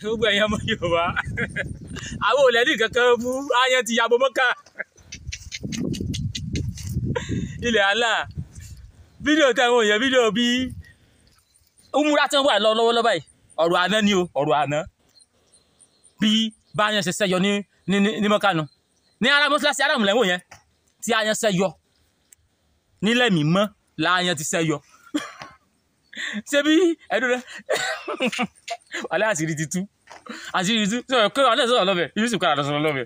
gbogbo ẹ̀yàn ọmọ yorùbá àwọn olẹ́ni kankan mú ayan ti yàgò mọ́kà ilẹ̀ àlà fídíò táwọn èèyàn fídíò bí umura tí wọ́n wà lọ́wọ́lọ́wọ́ báyìí ọ̀rọ̀ àná ni o ọ̀rọ̀ àná bí báyan ṣe ṣẹyọ ní ní mọ́kà nu ní ara mọ́sálásí aráàmù lẹ́wọ̀n yẹn tí ayan ṣẹyọ nílẹ̀ mímọ́ láàyàn ti ṣẹyọ ṣebí ẹdun rẹ alẹ́ àṣírí ti àṣírí ti tú sọ̀rọ̀ kéwà náà sọ̀rọ̀ lọ́bẹ̀ yusuf kára lọ sọ̀rọ̀ lọ́bẹ̀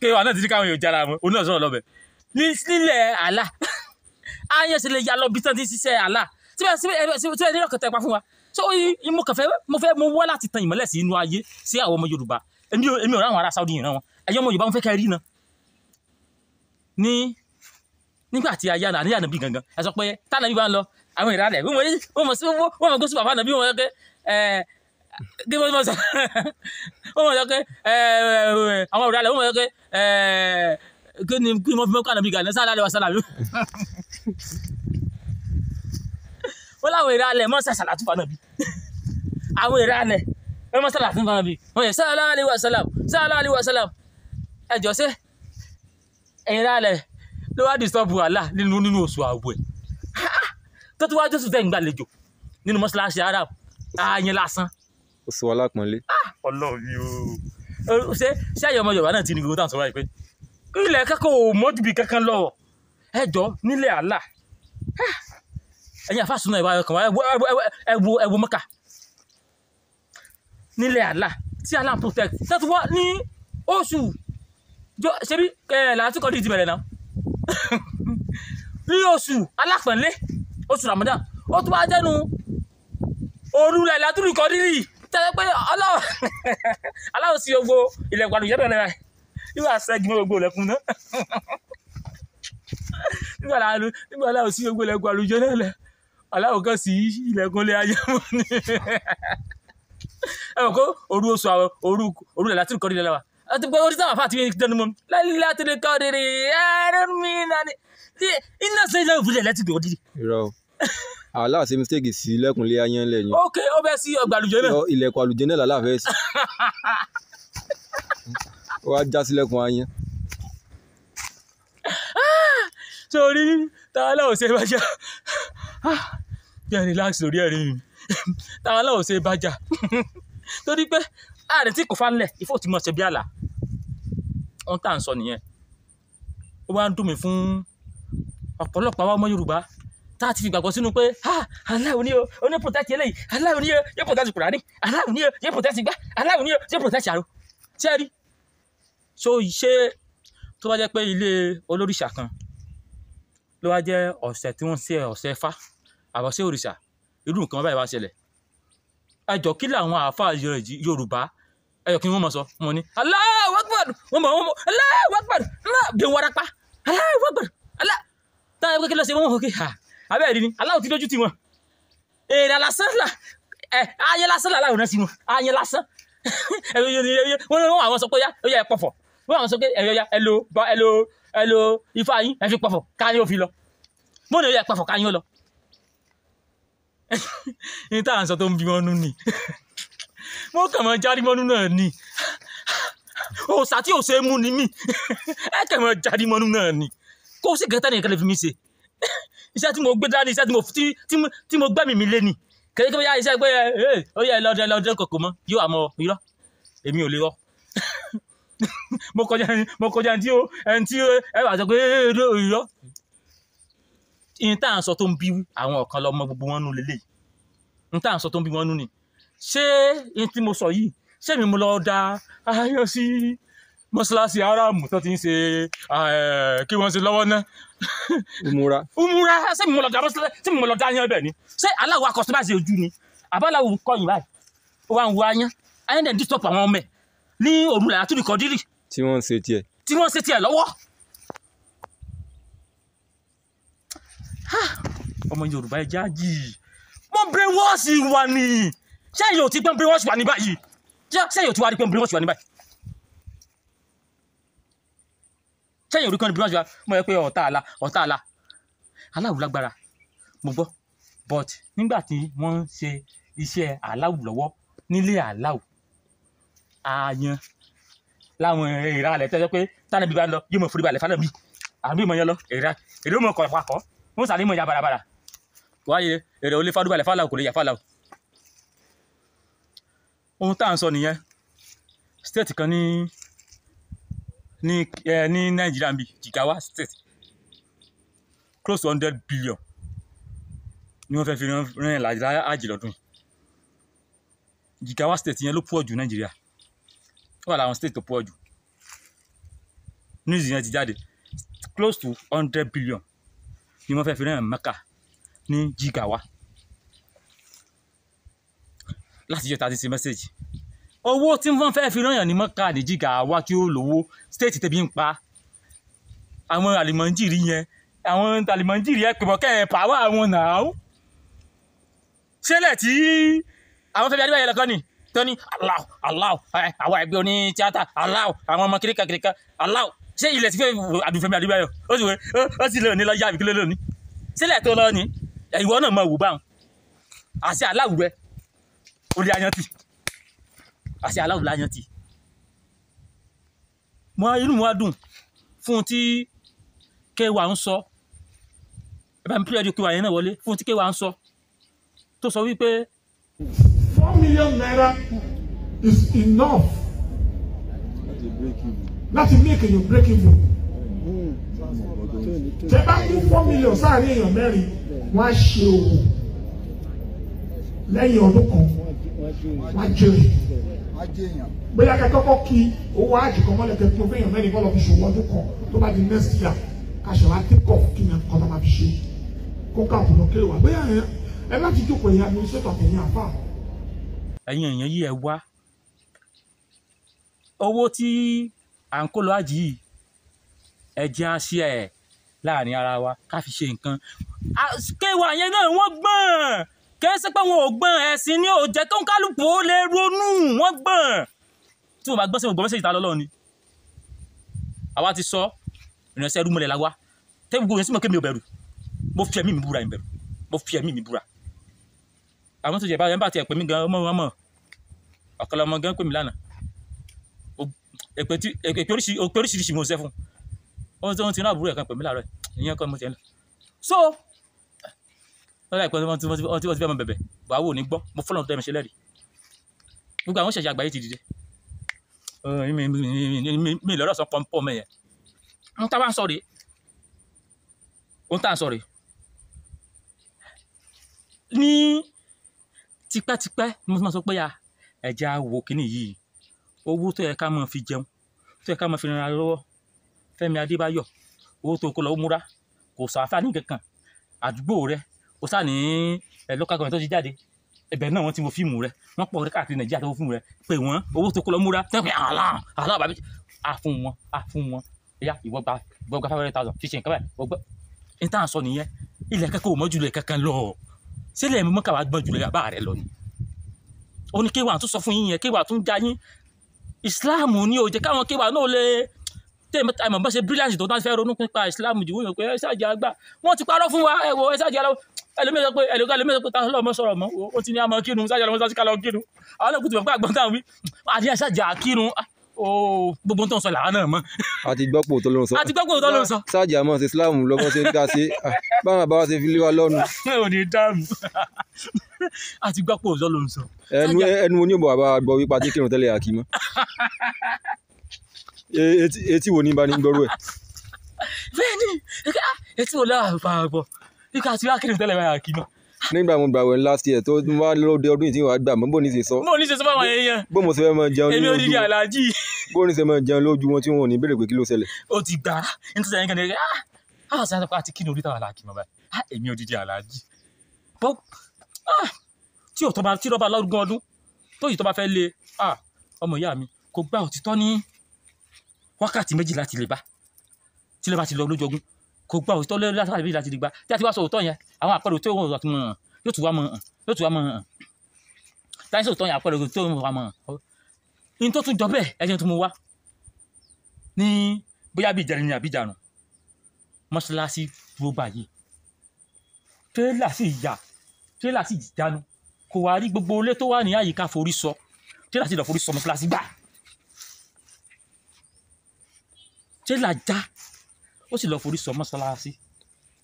kéwà náà ti ní káwọn èèyàn jára wọn òun náà sọ̀rọ̀ lọ́bẹ̀ nílẹ̀ àlá ayẹ̀ṣẹ̀ lè lọ bí tán ṣiṣẹ́ àlá síbẹ̀ nílò kẹtẹ pa fún wa so mo kàn fẹ́ mo fẹ́ mo wá láti tan ìmọ́lẹ̀ inú ayé sí àwọn ọmọ yorùbá èmi ò ráwọn ará saudi yìí rán ẹ̀yọ́ ọmọ yorùbá mo fẹ́ kẹ́ rí náà ní nígbà tí ayé àná àníyànà gangan ẹ sọ pé tánàbí bá ń lọ àwọn ìrànlẹ̀ wọ́n mọ̀ ní wọ́n mọ̀ sí wọ́n mọ̀ gúúsù bàbá nàbí wọ́n yọkẹ́ kí wọ́n mọ̀ sọ wọ́n mọ̀ yọkẹ́ àwọn ìrànlẹ̀ wọ́n mọ̀ yọkẹ́ kí ni kí ni wọ́n fi mọ́ kànáà bí gàdán sáà lálẹ́ wa sálà mi. wọ́n láwọn ìrànlẹ̀ mọ́ sà sàlà tún fa nàbí àwọn ìrànlẹ̀ wọ́n mọ́ sàlà tún fa nàbí wọ́n yẹ sálà alẹ́ wa sálàm sálà alẹ́ wa sálàm ẹ jọ ṣe ìrànlẹ̀ ló wá disturb wàhálà nínú nínú oṣù àwẹ̀ tó ti wá jésù fẹ́ ìgbàlejò nínú mọ́ṣáláṣí arab ààyè lásán. ó sọ alápọ̀nlé. Ah! ọlọ́run mi o ṣé ṣé àyè ọmọ yorùbá náà ti ní gbogbo táwọn sọ wáyé pé ilẹ̀ kankan ò mọ́júbi kankan lọ́wọ́ ẹ jọ nílẹ̀ àlà ah! ẹ̀yin àfàsùn náà ìwà kan ẹ̀wù ẹ̀wù mọ́kà nílẹ̀ àlà tí àlà protect tó ti wá ní oṣù ṣebí làásìkò ní ìdí bẹ̀rẹ̀ náà ní oṣù alápọ̀nlé oṣù ramadan ó tún wá jẹ́nu òru rẹ̀ látúrú kọ́ rírì tẹ́lẹ̀ pé aláwọ̀ sí gbogbo ilẹ̀kùn àdùjẹ́ bẹ̀rẹ̀ rẹ̀ nígbà sẹ́gi mọ́ gbogbo ilẹ̀kùn náà nígbà aláwọ̀ sí gbogbo ilẹ̀kùn àdùjẹ́ náà lẹ̀ aláwọ̀ kan sí ilẹ̀kùn lé ayé mọ́ ni ẹ mọ̀ kó òru oṣù àwọn òru òru rẹ̀ látúrú kọ́ rírì lẹ́wà àti pé orí sábà fàtí dẹnu mọ́ látúrú kọ́ rírì ẹ̀rọ mi náà ni iná sẹ́yìn lẹ́wọ̀ fúlẹ̀ lẹ́tì gbòdì. irọ́ àlá ṣe mistake sí ilẹ̀kùn lé ayán lẹ̀ yẹn. ok ó bẹ́ sí ọgbà àlùjẹ náà. ilẹ̀kùn àlùjẹ náà làlá fẹ́ sí. ó wá já sílẹ̀kùn ayán. Ah, sori tààlà ò ṣe bàjá yẹn ah, relax lórí ẹ̀rín mi tààlà ò ṣe bàjá torí pé ààrẹ tí kò fa ńlẹ̀ ìfọ̀ tí mo ṣe bí àlà ohun tá à ń sọ nìyẹn ó wá ń dùn mí fún ọ̀pọ̀lọpọ̀ àwọn ọmọ Yorùbá tá a ti fi gbàgbọ́ sínú pé Allah ni o ó ní protect eléyìí Allah ni o yóò protect Kùránì Allah ni o yóò protect igbá Allah ni o yóò protect àrò tí ẹ rí so ṣé tó bá jẹ́ pé ilé olóríṣà kan ló wá jẹ́ ọ̀sẹ̀ tí wọ́n ṣe ọ̀sẹ̀ fá àbọ̀ṣe òrìṣà irú nǹkan báyìí wá ṣẹlẹ̀ ẹjọ́ kí làwọn àáfàá Yorùbá ẹjọ́ kí wọ́n mọ̀ sọ wọn ni Allahu Akbar wọn mọ̀ wọn mọ̀ Allahu Akbar abẹ́ẹ̀rí ni aláwọ̀ ti dójú ti wọn èrè lásán là ẹ ayé lásán làláwọ̀ náà ti wọn ayé lásán wọ́n àwọn sọ pé yá ó yẹ ẹ pọ̀fọ̀ wọ́n àwọn sọ pé ẹ̀yọ́ yá ẹ lo ẹ lo ẹ lo ifá yín ẹ fi pọ̀fọ̀ káyọ̀ fi lọ mọ́ni ó yẹ ẹ pọ̀fọ̀ káyọ̀ lọ ní táwọn sọ tó ń bí wọn nú ni mo kàn mọ járí mọ́nú náà ni òòsà tí òòsà mú ni mí ẹ kàn mọ járí mọ́nú náà ni kó sì gẹ́tà nìkan lè fi mí ṣe iṣẹ́ tí mo gbé dání iṣẹ́ tí mo tí tí mo gbẹ́mì mi lé ni kẹ́lẹ́ kẹ́lẹ́ iṣẹ́ pé ẹ ó yẹ lọ́dẹ lọ́dẹ kòkó mọ́ yóò àmọ́ irọ́ èmi ò lè rọ́ mo kọjá mo kọjá ẹni tí ó ẹni tí ẹ wà sọ pé irọ́ ìyẹn tá à ń sọ tó ń bí àwọn ọ̀kan lọ́mọ gbogbo wọn nù lélẹ̀ ìyẹn tá à ń sọ tó ń bí wọn nù ni ṣé ìyẹn tí mo sọ yìí ṣé mi mo lọ da ayọ̀ sí mọ́ṣáláṣí aráàmù tó ti ń ṣe kí wọ́n ṣe lọ́wọ́ náà umura. umura ṣé mo lọ da mọ́sálẹ̀ ṣé mo lọ da yan ibẹ̀ ni ṣé aláwọ̀ akọ̀sí bá ṣe ojú ni àbáláwọ̀ kọyìn báyìí ó wá ń wo ayán ayán dẹ̀ distop àwọn ọmọ ẹ̀ ní òrùlé àtúndì kọ́dírì. tí wọ́n ń ṣe tiẹ̀. tí wọ́n ń ṣe tiẹ̀ lọ́wọ́. Ah! ọmọ yorùbá ẹ jáàjì wọ́n brainwash wa ni ṣé èyí ò ti gbọ́n brainwash wa ní báyìí ṣé èyí ò ti wá rí pé brainwash wa ní báyìí. sẹ́yìn orí kan ní bíwájú wa mo yẹ pé ọ̀tá àlà ọ̀tá àlà aláwù lágbára mo gbọ́ but nígbà tí wọ́n ń ṣe iṣẹ́ aláwù lọ́wọ́ nílé aláwù àyàn láwọn èrà alẹ́ tẹ́jọ́ pé tánà bíbá ń lọ yóò mọ̀ fúri balẹ̀ fánà bí àbí ìmọ̀ yẹn lọ èrà èrè ó mọ̀ kọ̀ papọ̀ wọ́n sàlẹ̀ ìmọ̀ ya barabara wáyé èrè ó lé fádúbalẹ̀ fáláwù kò lè yà fáláwù ohun tá à ń sọ nìyẹn state kan ní ní eh ní nàìjíríà bíi jigawa state close to hundred billion ni wọ́n fẹ́ fi ran ẹ̀ lájà àjì lọ́dún jigawa state yẹn ló pọ̀ jù nàìjíríà ó wà láwọn state tó pọ̀ jù news yẹn ti jáde close to hundred billion ni wọ́n fẹ́ fi ran ẹ̀ mẹ́ka ní jigawa láti jẹ́ ta ti ṣe mẹ́sẹ̀gì owó tí wọ́n fẹ́ fi rányàn ní mọ́kà ní jìgà wá kí ó lówó stéètì tẹ́bi ń pa àwọn àlìmọ́njìrì yẹn àwọn àlìmọ́njìrì yẹn pèbọ̀ kẹ́hìn pàwọ́ àwọn náà ṣẹlẹ̀ tí àwọn fẹ́bi adébáyé lọ́kọ́ ni tó ní aláwọ̀ aláwọ̀ àwọn ẹgbẹ́ oní tíátà aláwọ̀ àwọn ọmọ kíríkà kíríkà aláwọ̀ ṣé ilẹ̀ ti fẹ́ àdùnfẹ́mi adébáyọ̀ ó sì wẹ́ ó sì lè ní lọ́ọ́ yá àbí kí ló lè ní sílẹ̀ tó lọ́ọ́ ni ìwọ náà mọ̀ wò báwọn àṣẹ aláwùrẹ́ orí ayántì àṣẹ aláwọ̀ láyàn tì inú wa dùn fún tí kéwà ń sọ ẹ mi pílẹ̀ ju kéwà yẹn náà wọlé fún tí kéwà ń sọ tó sọ wípé. four million naira is enough láti make your breaking even tẹ bá kú four million sáàrin èèyàn mẹ́rin wọ́n á ṣe òwò lẹ́yìn ọdún kan wá jèrè bóyá ká kọ́kọ́ kí owó àjù kan mọ́lẹ̀ kẹ́kọ́ fún èèyàn mẹ́rin bọ́ọ̀lù fi ṣòwò ọdún kan tó bá di next year ká ṣe wá take off kí ni nǹkan náà máa fi ṣe kó ká òkùnà kéré wá bóyá ẹ ẹ láti jókòó ẹ̀yà administrator àtẹ̀yìn àfà. ẹ̀yin èèyàn yìí ẹ wá owó tí à ń kó lọ àjì yìí ẹ jẹ́ á ṣe ẹ̀ láàrin ara wa ká fi ṣe nǹkan kéwàá yẹn náà wọ́n gbọ́n kìí ṣe pé wọn ò gbọ́n ẹ̀sìn ni ò jẹ́ kóun kálukú ó lè ronú wọ́n gbọ́n tí wọn bá gbọ́n sí wọn gbọ́n mẹ́sẹ̀jì ta lọ́lọ́ ni àwa ti sọ ìrìnàṣẹ́ ẹrú mọ́lẹ̀ la wá tẹ́bù gbogbo yẹn sí mọ̀ kémi ò bẹ̀rù mo fi ẹ̀mí mi búra ìbẹ̀rù mo fi ẹ̀mí mi búra àwọn tó jẹ bá yẹn bá ti ẹ̀pẹ́ mi gan ọmọ wọn mọ̀ ọ̀kọlọ ọmọ gan pè mí lánàá èpè oríṣiríṣi mo ṣẹ́ fún wọn tí wọ́n ti rán àbúrò ẹ̀ kan pè mí láàárọ̀ ìyẹn kọ́ mo so lọ́la ìpẹ́ wọn ti wọ́n ti wọ́n ti fẹ́ mọ bẹ̀bẹ̀ wàá wò ní gbọ́ mo fọ́lọ́n tó ẹ̀mí ṣe lẹ́rìí gbogbo àwọn ṣẹ̀ṣẹ̀ àgbáyé ti dìde mi lọ́rọ̀ sọ pọ́npọ́ mẹ́yẹn ń tá wá ń sọ rèé ń tá ń sọ rèé ní tipẹ́tipẹ́ ni mo ti máa sọ pé ya ẹ̀jẹ̀ àwò kìíní yìí owó tó yẹ ká máa fi jẹun tó yẹ ká máa fi rìn ara lọ́wọ́ Fẹ́mi Adébáyọ̀ owó tó kó lọ múra kò sọ àfáàní kankan àdúgbò rẹ ó sá ní eh, local government tó ti jáde ẹ̀bẹ̀ náà wọ́n ti wo fíìmù rẹ̀ wọ́n pọ̀ rẹ̀ káàkiri nàìjíríà tó wo fíìmù rẹ̀ pé wọ́n owó tó kó lọ múra tẹ́kùn àlá àlá bàbí àfún wọn àfún wọn ẹ̀yà ìwọ gba ìwọ gba five hundred thousand ṣíṣe nǹkan báyìí ọgbẹ́ ní tá à ń sọ nìyẹn ilẹ̀ kẹ́kọ̀ọ́ mọ́jú lẹ̀ kankan lọ sílẹ̀ mi mọ́kà wá gbọ́n jùlọ yàrá rẹ̀ lọ ni ó ní kéwàá tún sọ fún yín yẹn kéwàá tún já yín ìsìláàmù ni ò jẹ́ káwọn kéwàá náà lè tẹ́ẹ̀mọ́ àmọ́ bá ṣe brilliant tó náà fẹ́ ronú nípa ìsìláàmù jù wọ́n yàn pé ẹ ṣáàjì àgbà wọ́n ti parọ́ fún wa ẹ wo ẹ ṣáàjì àlọ́ ẹlòmíì sọ pé ẹlòmíì ẹlòmíì sọ pé ọlọmọ sọ̀rọ̀ mọ o ti ní àmọ kírun sájà lọmọ sájà lọ kírun àwọn náà kùtù mọ pé àgbọn táwọn wí àti àṣàjà kírun ooo ah, gbogbo tó ń sọ làwọn náà mọ. a ti tó ló ń sọ. a ti gbọ́ pò tó ló ń sọ. sáàjì àmọ́ ṣe islam lọ́gbọ́n ṣe ń dá sí ah, báwọn àbáwá ṣe fi lé wa lọ́nu. ò ní dáàmú a ti gbọ́ pò tó ló ń sọ. ẹnu ẹnu oníbò àbá gbọ́ wípé àti kírun tẹ́lẹ̀ àkì mọ́. E- etí wo ni bá ní gbọ́rú ẹ̀. bẹ́ẹ̀ ni ah, etí wo lára àbá gbọ́ ikú àti wákìlì tẹ́lẹ̀ báyà kì náà. nígbà mo gbàwẹ̀ last year tó wá lóde ọdún yìí tí wàá gbà mọ́ bó ní ṣe sọ. bó ní ṣe sọ fáwọn èèyàn. bó mo ṣe fẹ́ máa jẹun lójú èmi odidi aláàjì. bó ní ṣe máa jẹun lójú wọn tí wọn ò ní béèrè pé kí ló ṣẹlẹ̀. o ti gbà á nítorí ẹni kan ní ah àwọn sàn án ti kí ni orí táwọn aláàkì mọ báyìí ah èmi odidi aláàjì. bọ́ ah tí òtọ́ bá tí rọ́bà lọ́gùn ọdún tóyì tó bá fẹ́ le ah ọmọ ìyá mi kò gbà òtítọ́ ní wákàtí méjì láti lè bá tí lè bá ti lọ lójú kò gba òtítọ́ lórí látàrí bí láti di gba tí a ti wá sọ òótọ́ yẹn àwọn àpẹẹrẹ tó wọ́n ti mọ̀ hàn yóò tún wá mọ̀ hàn yóò tún wá mọ̀ hàn táyé sọ òótọ́ yẹn àpẹẹrẹ tó wọ́n wá mọ̀ hàn ní tó tún jọ bẹ́ẹ̀ ẹ̀jẹ̀ tó mú wá ní bóyá bíi ìjẹrin ni àbí ìjàrùn mọ́ṣáláṣí dúró báyìí tírélà sì yà tírélà sì jánu kò wá rí gbogbo ilé tó wà ní àyíká forí sọ tírélà já ó sì lọ forí sọ mọ́sálásí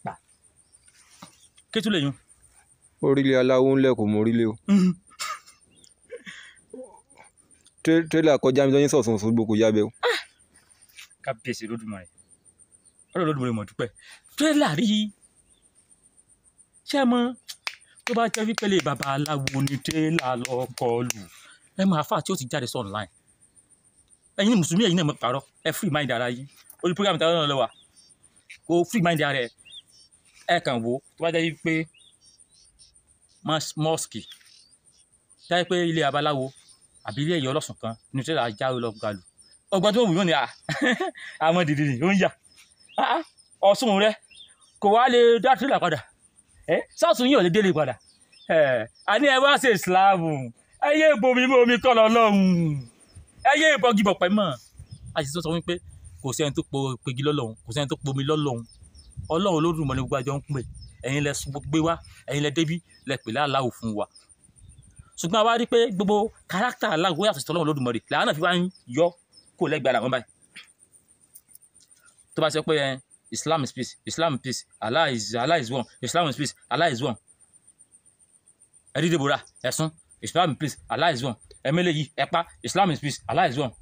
gbà kétú lè yun. orílẹ̀ aláwo ńlẹ̀ kò mọ orílẹ̀ o. Mhm. tírélà kọjá mi lọ́yìn sọ̀sùn Òṣogbo kò yá bẹ́ẹ̀ o. Ah! kábíyèsí lódùmarè ọ̀rọ̀ lódùmarè mọ̀ dúpẹ́ tírélà rí ṣé ẹ mọ tó bá jẹ́ wípé lè bàbá aláwo ni tírélà lọ kọ lù ẹ máa fà tí ó ti jáde sọ online ẹ̀yin mùsùlùmí ẹ̀yin náà mọ̀ pàrọ̀ ẹ fúri máa ń dára yín orí program ìtàwọn náà lọ kó free mind ara ẹ̀ ẹ̀ kàn wò tó bá jẹ́ pé mọ́ọ̀sì táyé pé ilé abaláwo àbí ilé ẹ̀yọ́ ọlọ́sùn kan ní tí ajá lọ galù ọgbọ́n tó wù yóò ní à àmọ́ dìde ni ó ń yà ah, ah, ọ̀sùn rẹ kò wá lè dá tírélà padà sọ́ọ̀sùn yìí ò lè délé padà a ní ẹ wá ṣe ìsìláàmù ẹ yé bomi bomi kọ́ lọ́lọ́run ẹ yé ìbọ̀gìbọ̀ pẹ̀mọ́ àṣìṣe sọ wípé kò sẹ́ni tó po pegi lọ́lọ́run kò sẹ́ni tó pomi lọ́lọ́run ọlọ́run Olódùmarè gbogbo àjọ ń pè ẹ̀yin lẹ gbé wá ẹ̀yin lẹ débí lẹ pè láàláwò fún wa ṣùgbọ́n àwa rí pé gbogbo kárátà aláwo yàtọ̀ sí ọlọ́run Olódùmarè làwọn náà fi wá ń yọ kó lẹ́gbẹ̀ẹ́ ara báyìí tó bá sọ pé Islam is peace Islam is peace Allah is Allah is one Islam is peace Allah is one ẹ̀rí dèbòrà ẹ̀sùn Islam is peace Allah is one ẹ̀mẹ́lẹ́yìí pa. Islam is peace Allah is one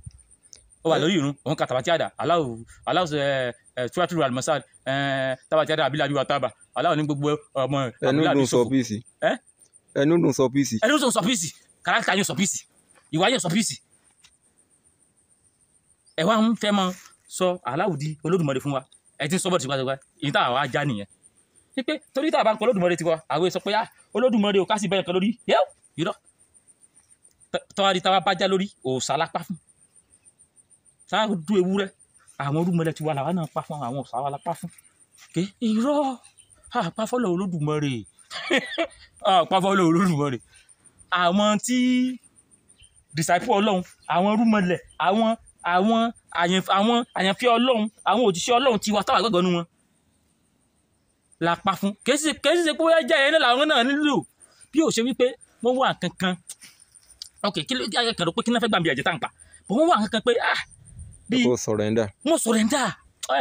ó wà eh? lórí irun òun ka tàbátí àdá aláwò aláwò ẹ tíwájú alimasad ẹ tàbátí àdá abilájú àtàbà aláwò ní gbogbo eh, ọmọ abilájú eh, sọfọ ẹnu dùn sọ píìsì. ẹnu dùn sọ píìsì kàràkítà yóò sọ píìsì ìwà yóò sọ píìsì. ẹ wá ń fẹ́ mọ sọ aláwò di olódùmarè fún wa ẹ ti ń sọ́bọ̀ tiwantiwa èyí tá a wá já nìyẹn. wípé torí tá a bá ń kọ olódùmarè tiwa àwọn èso pé á ah, olódùmarè sáà du ewúrẹ́ àwọn olúmọlẹ̀ tiwa làwa náà pa fún àwọn ọ̀sà wa la pa fún ké irọ́ àpáfọ́lọ̀ olódùmarè àpáfọ́lọ̀ olódùmarè àwọn tí disciple ọlọ́run àwọn olúmọlẹ̀ àwọn àwọn àwọn àyànfẹ́ ọlọ́run àwọn òjíṣẹ́ ọlọ́run tiwa táwa gbọ́gbọ́ nu wọn la pa fún kèsì kèsì ṣe pé ó yẹ jẹ́ ẹ̀ náà làwọn náà nílò bí ó ṣe wípé wọ́n wà kankan ok kí ló dé ayé kan ló pé kí náà fẹ́ gbàmì ẹ̀jẹ̀ tá n pa bọ́ wọ́n wà kankan pé ah bíi mo sọ̀rẹ́ndà mo sọ̀rẹ́ndà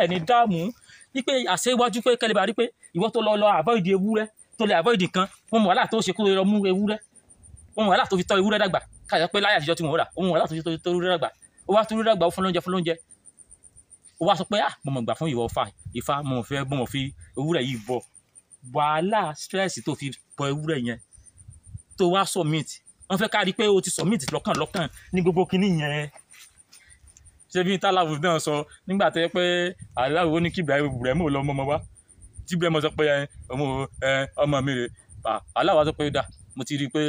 ẹ̀ ní dáàmú wípé àṣẹ iwájú pé kẹlẹ́ bá rí pé ìwọ tó lọ lọ avoid ewúrẹ́ tó lè avoid nǹkan wọn mọ̀ wàhálà tó ṣe kúrò lọ mú ewúrẹ́ wọn mọ̀ wàhálà tó fi tọ́ ewúrẹ́ dàgbà káyọ̀ pé láyà àtijọ́ tí wọ́n rà wọn mọ̀ wàhálà tó fi tọ́ ewúrẹ́ dàgbà ó wá tó ewúrẹ́ dàgbà ó fún lóúnjẹ fún lóúnjẹ ó wá sọ pé ah mo mọ̀ gbà fún ìwọ fa ìfa mo fẹ́ mo mọ̀ fi ewúrẹ́ yìí bọ̀ wàhálà stress tó fi bọ ewúrẹ́ yẹn tó wá submit wọ́n fẹ́ ká rí pé o ti submit lọ́kàn lọ́kàn ní gbogbo kinní yẹn ṣé bí tàlàwù náà sọ nígbà tó yẹ pé aláwo ó ní kí Ibrahim ò lọ ọmọ ọmọ wa tí Ibrahim sọ pé ọmọ ọmọ mi rè aláwo sọ pé dà mo ti rí i pé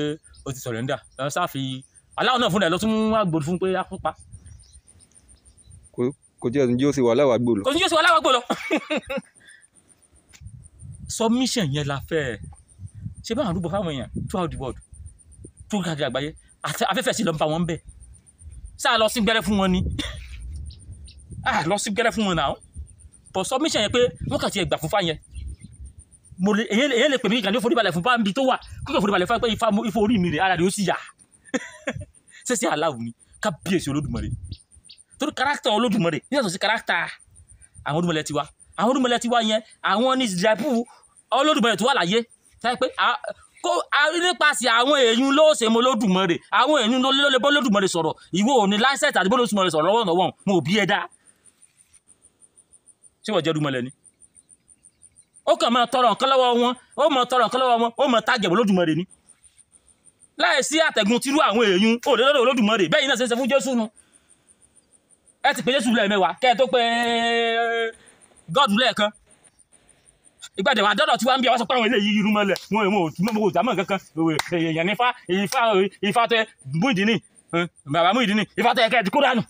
ó ti sọ̀rẹ́ńdà sáfì aláwo náà fúnra ẹ̀ lọ tún agbórí fún pé á kópa kò jẹ́ òsùn jí ó sì wà láwàá gbò lọ. kò sí jí ó sì wà láwàá gbò lọ. submission yẹn la fẹ́ ẹ̀ ṣé báwọn arúgbó fáwọn èèyàn throughout the world tó káàkiri àgbáyé afẹ́fẹ́ sí lọ bá wọn bẹ̀ sáà lọ sí gbẹ́rẹ́ fún wọn ni ah lọ sí gẹ́rẹ́ fún wọn náà but submission yẹn pé wọ́n kà ti ẹ̀ gbà fún fáyẹn mo lè èyàn lè pè mí ìkànnì foríbalẹ̀ fún báńbí tó wà kíkọ̀ foríbalẹ̀ fún ifá ifá orí mi rè ara rè ó sì yà sẹ́sẹ́ aláwọ̀ ni kábíyèsí olódùmarè torí kárátà olódùmarè yàtọ̀ sí kárátà àwọn olódùmarè ti wá àwọn olódùmarè ti wá yẹn àwọn ní ìdìbò olódùmarè tó wà láyé táyé pé kó nípasẹ̀ àwọn èèyàn ló ṣe mo lódùmarè àwọn èèyàn ló lè bọ́ lódùmarè sọ̀rọ̀ ìwọ ò ní láńsẹ̀tì àti bọ́ lódùmarè sọ̀rọ̀ lọ́wọ́ ṣé wọ́n jẹ́rú mọ́lẹ̀ ni ó kàn máa tọrọ nǹkan lọ́wọ́ wọn ó máa tọrọ nǹkan lọ́wọ́ wọn ó máa tájẹ̀bọ̀ lódùmarè ni láì sí àtẹ̀gùn tírú àwọn èèyàn òdòdó olódùmarè bẹ́ẹ̀ náà ṣe ń ṣe fún jésù nu ẹ ti pè jésù lẹ́ẹ̀mẹ́wàá kẹ́ ẹ tó pé eh, gọ́ọ̀dù lẹ́ẹ̀kan ìgbàdé wa dọ́dọ̀ tí wọ́n ń bí ọ sọ pé àwọn eléyìí irú mọ́lẹ̀ wọn ò mọ̀ ò dámọ̀ kankan èèyàn nífa ìfa ìfa tó yẹ bú ìdí ni bàbá mú ìdí ni ìfa tó yẹ kẹ́ ẹ ti kó dànù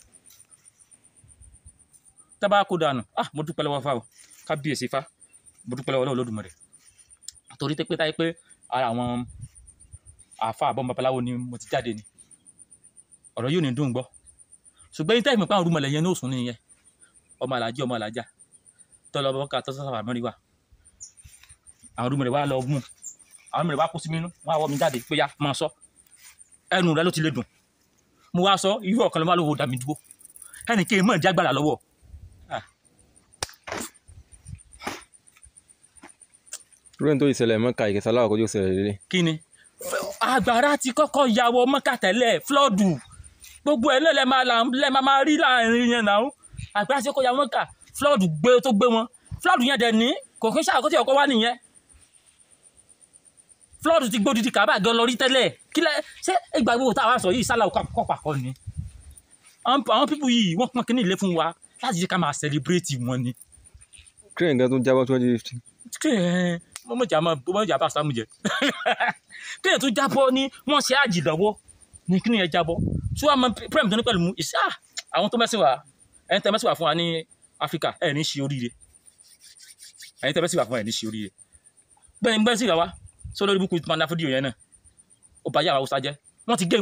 tán bá kó dànù ah mo dúpẹ́ lọ́wọ́ fa o kábíyèsí fa mo dúpẹ́ lọ́wọ́ Olódùmarè torí pé táyé pé ara àwọn àáfàá àbọ̀n babaláwo ni mo ti jáde ni ọ̀rọ̀ yóò ní dùn gbọ́ ṣùgbọ́n yín táìmù pàrọ̀ rúmọ̀lẹ̀ yẹn ní òsùn nìyẹn ọmọ àlàjì ọmọ àlàjà tọ́lọ ọmọ ká tọ́sọ́ sábà mẹ́rin wa àwọn rúmọ̀lẹ̀ wa lọ mú àwọn rúmọ̀lẹ̀ wa kó sí mi inú wọn àwọ̀ mi jáde pé ya máa sọ ẹnu rẹ ló ti lè dùn mo wá sọ irú ọ̀kan ló dàmí dúró ẹnì kí n mọ̀ ìdí agbára lọ́wọ́ lóyún tó ìṣẹ̀lẹ̀ mọ́ka ìkẹsà láwọ̀ kọjú ìṣẹ̀lẹ̀ lélẹ̀. kí ni agbára ti kọ́kọ́ yàwó mọ́ka tẹ́lẹ̀ flọ́ọ̀dù gbogbo ẹ̀ náà lẹ́ẹ̀ máa rí láàrin yẹn náà agbára ti kọ́kọ́ yàwó mọ́ka flọ́ọ̀dù gbé tó gbé wọn flọ́ọ̀dù yẹn dẹ̀ ní kò kí n ṣàkóso tí ọkọ̀ wá nìyẹn flọ́ọ̀dù ti gbódìdì kàbá gan lọ rí tẹ́lẹ̀ kí lẹ ṣé ìgbà gbogbo táwa mọ̀jà mọ̀jà bá sàmù jẹ kéèyàn tó jábọ́ ní wọ́n ṣe àjìdánwò ní kí nìyẹn jábọ́ tí wọ́n mọ prem tó ní pẹ̀lú ìṣá ah, àwọn tó mẹ́sìn wá ẹni tẹ́ mẹ́sìn wá fún wa ní áfíríkà ẹ̀ ní ṣe oríire ẹni tẹ́ mẹ́sìn wá fún ẹ̀ ní ṣe oríire bẹ́ẹ̀ ni bẹ́ẹ̀ sì rà wá sọ lórí búkú manáfídíò yẹn náà ó bá yà wá Haúsá jẹ́ wọ́n ti gé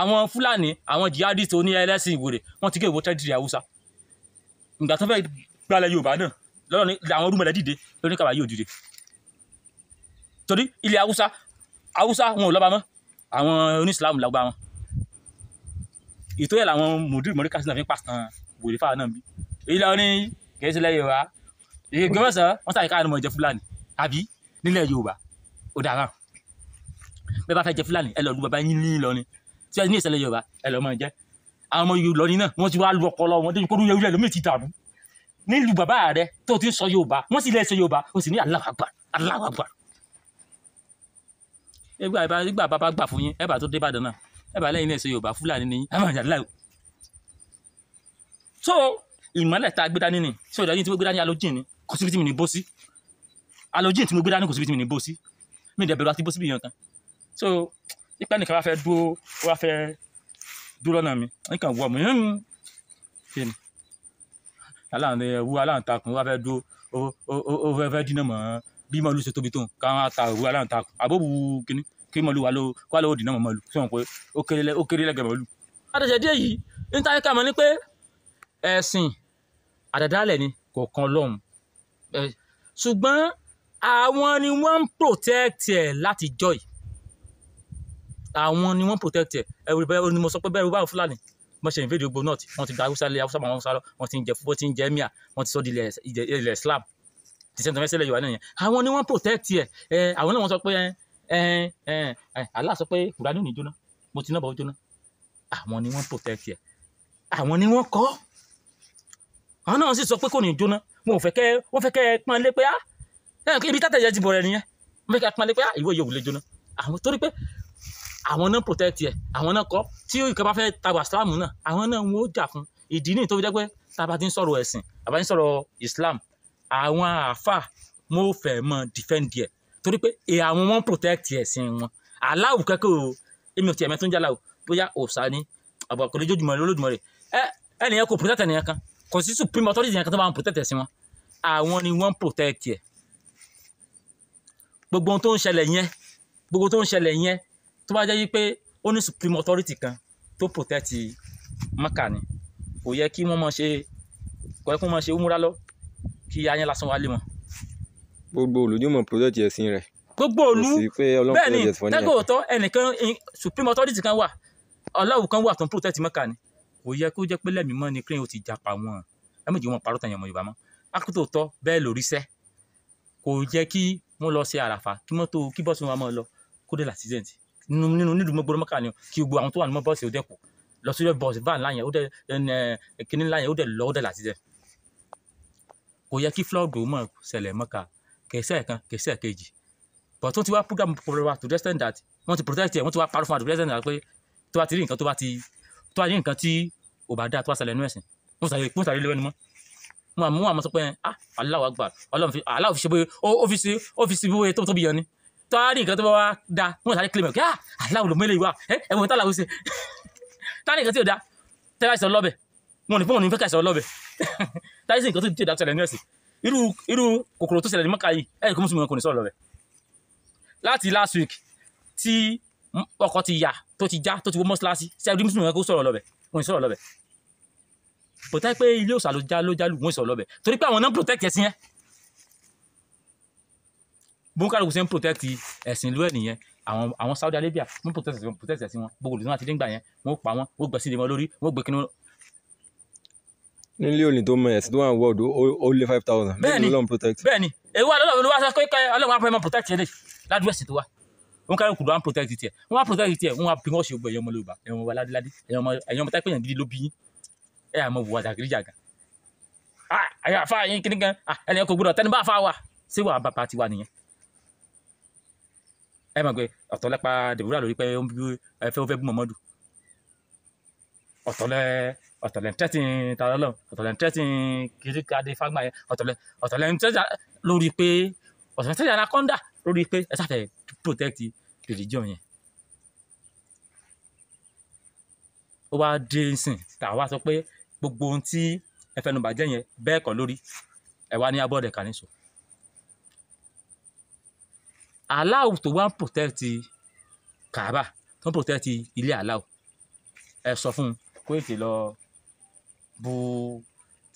àwọn Fúlàní àwọn jihadist oní ẹlẹ́sìn ìwòrè wọ́n ti gé ìwò tẹ́tìrì Haúsá ìgbà tó fẹ́ gbalẹ̀ Yorùbá náà lọ́rọ̀ ní àwọn olúmọ̀lẹ́ dìde lóníkàwá yóò dìde torí ilẹ̀ haúsá haúsá wọn ò lọ́ba mọ́ àwọn onísìláàmù lọ́ba wọn ìtòyẹ̀ làwọn mùdírì mọ́ríkà sí náà fi ń pàṣán wòlé fáwọn náà bí ilẹ̀ oní kìí sílẹ̀ yorùbá ìgbọ́mọ̀sán wọ́n sàyíká àwọn ọmọ ìjẹ fúlàní àbí nílẹ̀ yorùbá ó dára bẹ́ẹ̀ bá fẹ́ jẹ fúlàní ẹ lọ lu bàbá yín ní ìlọrin tí ẹ ní ìṣẹ̀lẹ̀ yorùbá ẹ lọ mọ jẹ àwọn ọmọ ìlọrin náà wọ́n ti wá lu ọpọlọ wọn débi kó lu yorùbá lómi ti dàrú nílùú bàbá rẹ tó ti sọ yorùbá wọ́n sì lẹ́ sọ yorùbá ó sì ní Allahu Akbar Allahu Akbar nígbà bàbá gbà fún yín ẹ bá tó dé Ìbàdàn náà ẹ bá lẹ́yìn náà ṣe Yorùbá Fúlàní ni ẹ má jà láì. so ìmọ̀lẹ̀ tá a gbé dání ni ṣé ìdájí tí mo gbé dání alójìn ni kò síbi tí mi ní bó sí alójìn tí mo gbé dání kò síbi tí mi ní bó sí mi ní ẹ̀bẹ̀rù àti bó síbi yẹn kan so ipa nìkan wá fẹ́ dúró wá fẹ́ dúró lọ́nà mi nìkan wọ̀ mí hmm. kíni aláǹtakùn wá fẹ́ dúró ó fẹ́ dínà mọ́ bí màálù ṣe tóbi tó ká wá ta òwú aláǹtakùn àbóbu kínní kí màálù wà ló kó àlọ́ òdì náà màálù tí wọ́n pé ó kéré lẹ́gẹ̀ẹ́ màálù. adẹ̀sẹ̀ díẹ̀ yìí ní táyé ká mọ̀ ní pé ẹ̀sìn àdàdálẹ̀ ni kò kan lọ́hùn ṣùgbọ́n àwọn ni wọ́n ń protect ẹ̀ láti joy àwọn ni wọ́n protect ẹ̀ ẹ̀rù bẹ́ẹ̀ ni mo sọ pé bẹ́ẹ̀ rúbáwò fúlàní wọ́n ṣe ìfẹ́dẹ̀ gbogbo náà wọ́n ti gba haúsá lé haúsá ti ń jẹ fúbọ́ ti ń jẹ mìà wọ́n ti sọ di ilẹ̀ Islam decision tó fẹ́ sílẹ̀ yorùbá nìyẹn àwọn ni wọ́n protect ẹ̀ ẹ̀ eh, àwọn náà wọ́n sọ pé ẹ̀ ẹ̀ ẹ̀ Allah sọ pé kùránì ò ní jóná mo ti náà bọ̀ jóná àwọn ni wọ́n protect ẹ̀ àwọn ni wọ́n kọ́ àwọn náà sì sọ pé kò ní jóná wọn ò fẹ́ kẹ́ wọ́n fẹ́ kẹ́ pọ́n lé pé á ah, ibi tátẹ̀yẹ ti bọ̀rẹ̀ nìyẹn wọ́n fẹ́ kẹ́ pọ́n lé pé á ah, ìwé yòówù lè jóná àwọn torí pé àwọn náà protect ẹ̀ àwọn náà kọ́ tí ìkọ́ bá fẹ́ tagba Islam náà àwọn náà wọ́n jà fún ìdí nìyí tó fi jẹ́ pé tá a bá ti ń sọ̀rọ̀ ẹ̀sìn àbá ń sọ̀rọ̀ Islam àwọn àáfà mo fẹ́ mọ dìfẹ́ǹdì ẹ̀ torí pé àwọn wọn protect ẹ̀sìn wọn aláwù kẹ́kẹ́ o èmi ò tiẹ̀ mẹ́tún jálá o bóyá òòsà ni àbàkùnrin jójúmọ́ rẹ̀ olódùmọ̀ rẹ̀ ẹ ẹnìyẹn kò protect ẹnìyẹn kan kò sí supreme authority yẹn kan tó bá wọn protect ẹ̀sìn wọn àwọn ni wọ́n protect ẹ̀ gbogbo ohun tó ń ṣẹlẹ̀ yẹn gbogbo tó ń ṣẹlẹ̀ yẹn tó bá jẹ́ wípé ó ní supreme authority kan tó protect mọ́kà ni kò yẹ kí wọ́n mọ̀ ṣe kò yẹ kí wọ́n mọ̀ ṣe umura lọ kí ayé lásán wálé mọ́. gbogbo olùjúmọ̀ project ẹ̀sìn rẹ̀. gbogbo olú bẹ́ẹ̀ ni tẹ́gọ̀ òótọ́ ẹnìkan supreme authority kan wà ọlọ́wù kan wà tó ń protect mọ́ka ni kò yẹ kó jẹ́ pé lẹ́mìí mọ́ ni kí o ti japa wọn ẹ méjì wọn parọ́ tẹ̀yàn ọmọ Yorùbá mọ́ akótó tọ́ bẹ́ẹ̀ lórí sẹ́ kò jẹ́ kí wọ́n lọ sí àràfà kí mọ́tò kí bọ́ọ̀sì wọn máa lọ kó dé l'accident nínú nílùú gbogbo mọ́ka ni kí gbogbo àwọn tó wà nínú bọ́ọ̀sì ó dẹ̀ kù lọ sí bọ́ọ̀sì van láyẹn ó dẹ̀ kíní láyẹn ó dẹ̀ lọ ó dẹ̀ l'accident kò yẹ kí flood ó mọ̀ ṣẹlẹ̀ mọ́ka kẹsẹ̀ kan kẹsẹ̀ kejì but wọ́n ti wá program problem wa to the extent that wọ́n ti protect ẹ̀ wọ́n ti wá parọ́ fún wa to the extent that pé tó bá ti rí nǹkan tó bá ti tó bá rí nǹkan tí ò bá dáa tó bá ṣẹlẹ̀ nú ẹ̀sìn wọ́n sàlẹ̀ wọ́n sàlẹ̀ lẹ́wẹ́ ni mọ́ wọn àmú àmọ́ sọ pé ah aláwọ̀ àgbà ọlọ́run fi aláwọ̀ fi ṣe pé ọ́fíìsì ọ́fíìsì bí wọ́n tó tóbi yan ni tó bá rí nǹkan tó bá wá da wọ́n sàlẹ̀ claim ẹ̀ pé ah aláwọ̀ ló mẹ́lẹ̀ yìí wọn ní fún wọn ní fẹ́ kàìsàn ọlọ́bẹ̀ táyísì nǹkan tó ti dá ṣẹlẹ̀ ní ẹ̀sìn irú irú kòkòrò tó ṣẹlẹ̀ ní mọ́kà yìí ẹ̀rì kó mùsùlùmí kò ní sọ̀rọ̀ lọ́bẹ̀ láti last week tí ọkọ̀ ti yà tó ti já tó ti wó mọ́ṣáláṣí ṣe ẹ̀rí mùsùlùmí kò sọ̀rọ̀ lọ́bẹ̀ kò ní sọ̀rọ̀ lọ́bẹ̀ kò tá pé ilé òòṣà ló já ló já lù wọ́n sọ̀rọ̀ lọ́bẹ̀ torí pé àwọn náà protect ẹ̀sìn yẹn bóńkàlùkù ṣe ń protect ẹ̀sìn ìlú ẹ̀ nìyẹn àwọn àwọn Saudi Arabia wọ́n protect ẹ̀sìn wọn gbogbo olùdókòwò àti dẹ́ngbà yẹn wọ́n pa wọn wọ́n gbẹ̀sìn lé wọn lórí wọ́n gbẹ̀kínú nílé òní tó mọ ẹ̀sìn tó wà ní world ó lé five thousand bẹ́ẹ̀ni bẹ́ẹ̀ni èyí wà lọ́lọ́run ló wá sọ pé ọlọ́run á fẹ́ máa protect ẹ̀ lè ládùúgbò ẹ̀sìn tó wà wọn kárí kùdù wọn protect tiẹ̀ wọn protect tiẹ̀ wọn pinwọ́ ṣe gbọ́ ẹ̀yọ́ ọmọ Yorùbá ẹ̀yọ́ ọmọ ládíládí ẹ̀yọ́ ọmọ ẹ̀yọ́ ọmọ táìpẹ́ yẹn gidi ló bí yín ẹ̀ àmọ́ wò wàjà gidi jàgà àyà àfa yín kíní kan ẹni kò gbọdọ̀ tẹni bá fa wa ṣé wà bàbá ti wà nìyẹn. ẹ mọ̀ pé ọ̀tọ̀ lẹ́pa dèbúrà lórí pé ẹ fẹ́ fẹ́ bú Muhammadu ọ̀tọ̀lẹ̀ ọ̀tọ̀lẹ̀ ń tẹ́tì tàlọ́lọ́ ọ̀tọ̀lẹ̀ ń tẹ́tì kìrìkàdé fagbá yẹn ọ̀tọ̀lẹ̀ ọ̀tọ̀lẹ̀ ń tẹ́tì lórí pé ọ̀tọ̀lẹ̀ ń tẹ́tì anaconda lórí pé ẹ sáfẹ́ protect religion yẹn. ó wá dé sìn tá a wá sọ pé gbogbo ohun tí ẹ fẹnu bàjẹ́ yẹn bẹ́ẹ̀ kọ́ lórí ẹ ní abọ́dẹ̀ kàní sọ. aláwo tó wá ń protect kàábà tó ń protect ilé aláwo ẹ sọ fún un kó ètè lọ bu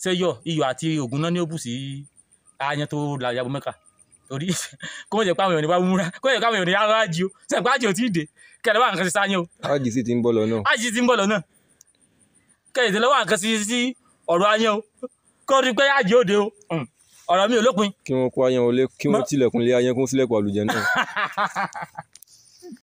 sẹ́yọ̀ iyọ̀ àti ògùn náà ní ó bù sí aáyán tó la ìyàbọ̀ mẹ́ka torí kó mọ̀ jẹ́ pé àwọn èèyàn ní wá múra kó jẹ́ pé àwọn èèyàn ní wá ájì o sẹ́yìn pé ájì ò tí ì dé kẹ́lẹ́ wà nǹkan sí sáyẹn o. ájì sì ti ń bọ̀ lọ náà. ájì ti ń bọ̀ lọ náà kẹ́lẹ́ tẹ́lẹ̀ wà nǹkan sí sí ọ̀rọ̀ ayẹn o kó rí pé ájì ò dé o hmm. ọ̀rọ̀ mi ò lópin. kí wọ́n kó ayẹn wọlé kí wọ́n tilẹ̀kùn lé ayẹn kó sílẹ̀kùn àlùjẹ náà.